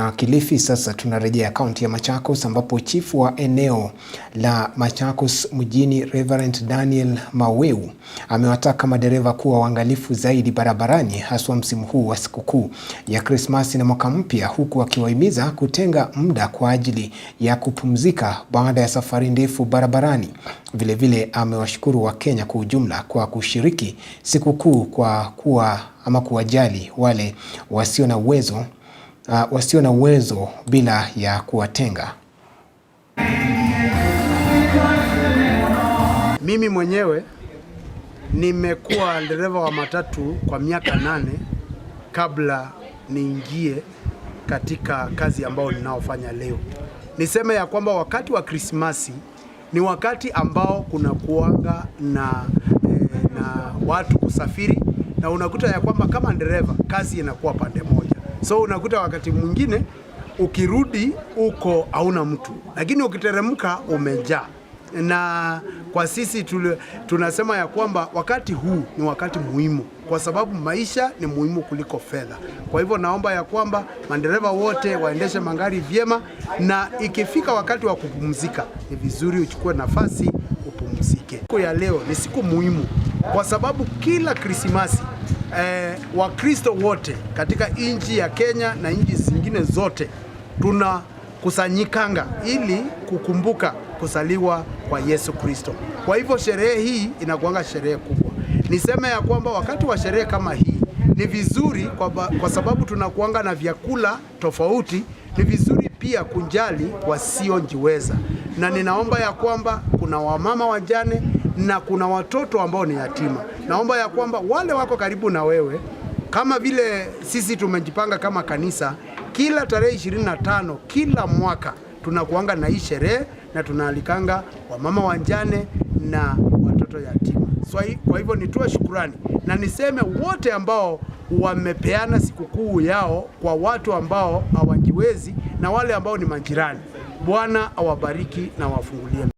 Na Kilifi sasa tunarejea kaunti ya Machakos ambapo chifu wa eneo la Machakos mjini Reverend Daniel Maweu amewataka madereva kuwa waangalifu zaidi barabarani haswa msimu huu wa sikukuu ya Krismasi na mwaka mpya huku akiwahimiza kutenga muda kwa ajili ya kupumzika baada ya safari ndefu barabarani. Vilevile amewashukuru Wakenya kwa ujumla kwa kushiriki sikukuu kwa kuwa ama kuwajali wale wasio na uwezo uh, wasio na uwezo bila ya kuwatenga. Mimi mwenyewe nimekuwa dereva wa matatu kwa miaka nane kabla niingie katika kazi ambayo ninaofanya leo. Niseme ya kwamba wakati wa Krismasi ni wakati ambao kuna kuanga na, eh, na watu kusafiri na unakuta ya kwamba kama dereva kazi inakuwa pande moja. So unakuta wakati mwingine ukirudi huko hauna mtu, lakini ukiteremka umejaa. Na kwa sisi tule, tunasema ya kwamba wakati huu ni wakati muhimu, kwa sababu maisha ni muhimu kuliko fedha. Kwa hivyo naomba ya kwamba madereva wote waendeshe magari vyema, na ikifika wakati wa kupumzika ni vizuri uchukue nafasi upumzike. Siku ya leo ni siku muhimu, kwa sababu kila Krismasi eh, Wakristo wote katika nchi ya Kenya na nchi zingine zote tunakusanyikanga ili kukumbuka kuzaliwa kwa Yesu Kristo. Kwa hivyo sherehe hii inakuanga sherehe kubwa. Niseme ya kwamba wakati wa sherehe kama hii ni vizuri kwa, ba, kwa sababu tunakuanga na vyakula tofauti. Ni vizuri pia kunjali wasiojiweza, na ninaomba ya kwamba kuna wamama wajane na kuna watoto ambao ni yatima. Naomba ya kwamba wale wako karibu na wewe, kama vile sisi tumejipanga kama kanisa, kila tarehe 25 kila mwaka tunakuanga na hii sherehe na tunaalikanga wamama wanjane na watoto yatima. So, kwa hivyo nitoe shukurani na niseme wote ambao wamepeana sikukuu yao kwa watu ambao hawajiwezi na wale ambao ni majirani. Bwana awabariki na wafungulie.